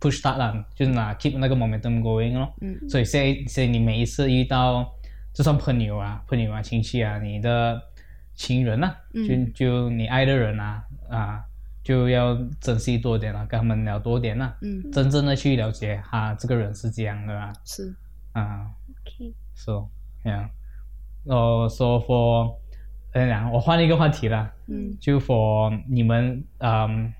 push 到啦，就係 keep 那個 momentum going 咯。嗯。所以所以即係你每一次遇到，就算朋友啊、朋友啊、親戚啊、你的親人啊，嗯、就就你愛的人啊，啊，就要珍惜多點啦、啊，跟他們聊多點啦、啊。嗯。真正的去了解，他這個人是點樣的吧、啊？是。啊。OK so,、yeah. uh, so for,。係咯。係啊。哦，所以，然後我換了一個話題啦。嗯。就 for 你們。嗯、um,。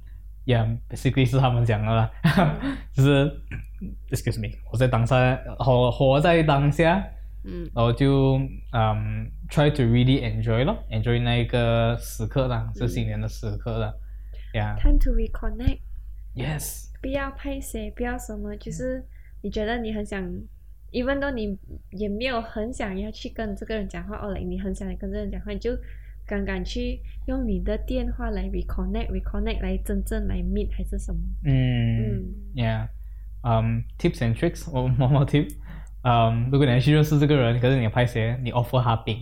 yeah，basically 是他們講的啦， 就是 excuse me，我在當活在當下，活活在當下，嗯，然後就嗯、um, try to really enjoy 咯，enjoy 那一個時刻啦，是新、嗯、年的時刻啦，yeah，time to reconnect，yes，不、嗯、要排斥，不要什麼，就是你覺得你很想、嗯，even though 你也沒有很想要去跟這個人講話，或者、like, 你很想跟這個人講話你就。剛剛去用你的電話來 reconnect，reconnect 來真正來 meet，還是什麼？嗯，yeah，嗯 tips and tricks，more more tips 嗯，如果你要去認識這個人，可是你要拍誰？你 offer 他餅。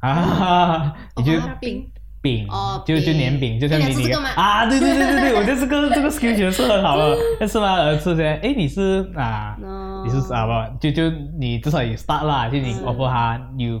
啊，你就餅餅，哦，就就黏餅，就像你你。啊，對對，對對對，我覺得這個這個 skill 是很好啊，但是嘛，而次先，誒，你是啊，你是啊嘛，就就你至少也 start 啦，就你 offer 佢，你。